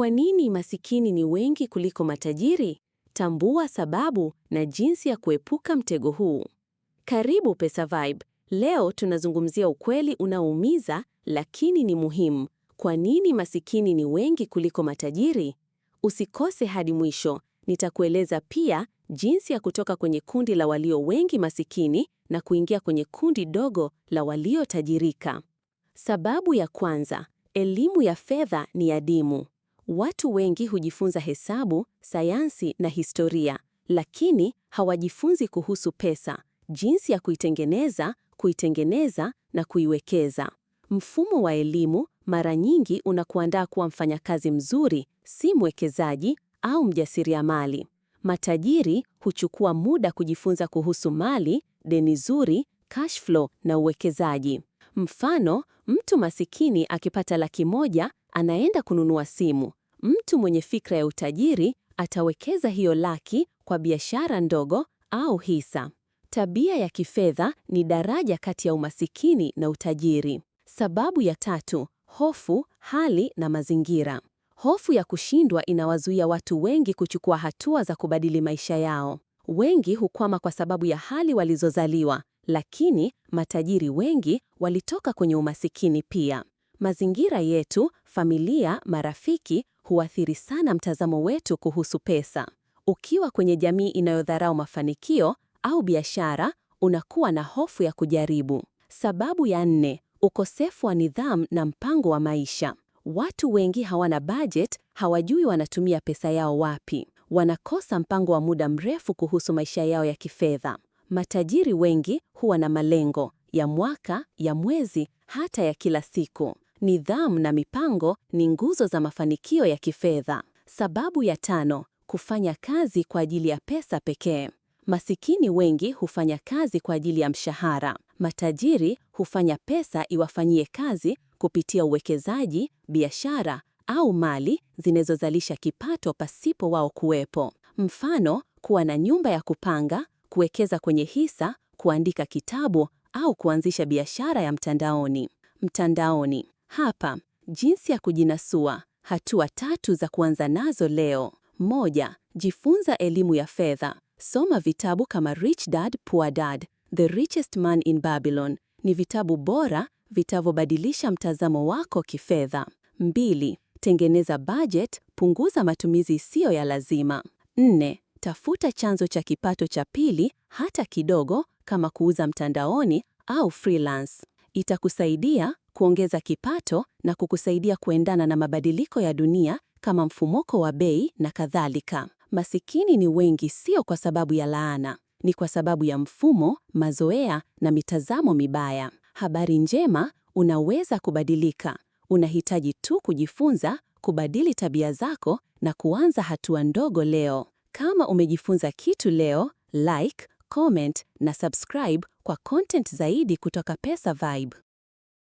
Kwa nini masikini ni wengi kuliko matajiri? Tambua sababu na jinsi ya kuepuka mtego huu. Karibu pesa Vibe. Leo tunazungumzia ukweli unaoumiza lakini ni muhimu. Kwa nini masikini ni wengi kuliko matajiri? Usikose hadi mwisho. Nitakueleza pia jinsi ya kutoka kwenye kundi la walio wengi masikini na kuingia kwenye kundi dogo la waliotajirika. Sababu ya kwanza, elimu ya fedha ni adimu. Watu wengi hujifunza hesabu, sayansi na historia, lakini hawajifunzi kuhusu pesa, jinsi ya kuitengeneza, kuitengeneza na kuiwekeza. Mfumo wa elimu mara nyingi unakuandaa kuwa mfanyakazi mzuri, si mwekezaji au mjasiriamali. Matajiri huchukua muda kujifunza kuhusu mali, deni zuri, cash flow na uwekezaji. Mfano, mtu masikini akipata laki moja anaenda kununua simu, Mtu mwenye fikra ya utajiri atawekeza hiyo laki kwa biashara ndogo au hisa. Tabia ya kifedha ni daraja kati ya umasikini na utajiri. Sababu ya tatu, hofu, hali na mazingira. Hofu ya kushindwa inawazuia watu wengi kuchukua hatua za kubadili maisha yao. Wengi hukwama kwa sababu ya hali walizozaliwa, lakini matajiri wengi walitoka kwenye umasikini pia. Mazingira yetu, familia, marafiki huathiri sana mtazamo wetu kuhusu pesa. Ukiwa kwenye jamii inayodharau mafanikio au biashara, unakuwa na hofu ya kujaribu. Sababu ya nne, ukosefu wa nidhamu na mpango wa maisha. Watu wengi hawana budget, hawajui wanatumia pesa yao wapi. Wanakosa mpango wa muda mrefu kuhusu maisha yao ya kifedha. Matajiri wengi huwa na malengo ya mwaka, ya mwezi, hata ya kila siku. Nidhamu na mipango ni nguzo za mafanikio ya kifedha. Sababu ya tano, kufanya kazi kwa ajili ya pesa pekee. Masikini wengi hufanya kazi kwa ajili ya mshahara. Matajiri hufanya pesa iwafanyie kazi kupitia uwekezaji, biashara au mali zinazozalisha kipato pasipo wao kuwepo. Mfano, kuwa na nyumba ya kupanga, kuwekeza kwenye hisa, kuandika kitabu au kuanzisha biashara ya mtandaoni. Mtandaoni. Hapa jinsi ya kujinasua, hatua tatu za kuanza nazo leo. Moja, jifunza elimu ya fedha. Soma vitabu kama Rich Dad Poor Dad, The Richest Man in Babylon. Ni vitabu bora vitavyobadilisha mtazamo wako kifedha. Mbili, tengeneza budget, punguza matumizi isiyo ya lazima. Nne, tafuta chanzo cha kipato cha pili hata kidogo kama kuuza mtandaoni au freelance. Itakusaidia kuongeza kipato na kukusaidia kuendana na mabadiliko ya dunia kama mfumuko wa bei na kadhalika. Masikini ni wengi sio kwa sababu ya laana, ni kwa sababu ya mfumo, mazoea na mitazamo mibaya. Habari njema, unaweza kubadilika. Unahitaji tu kujifunza, kubadili tabia zako na kuanza hatua ndogo leo. Kama umejifunza kitu leo, like, comment na subscribe kwa content zaidi kutoka Pesa Vibe.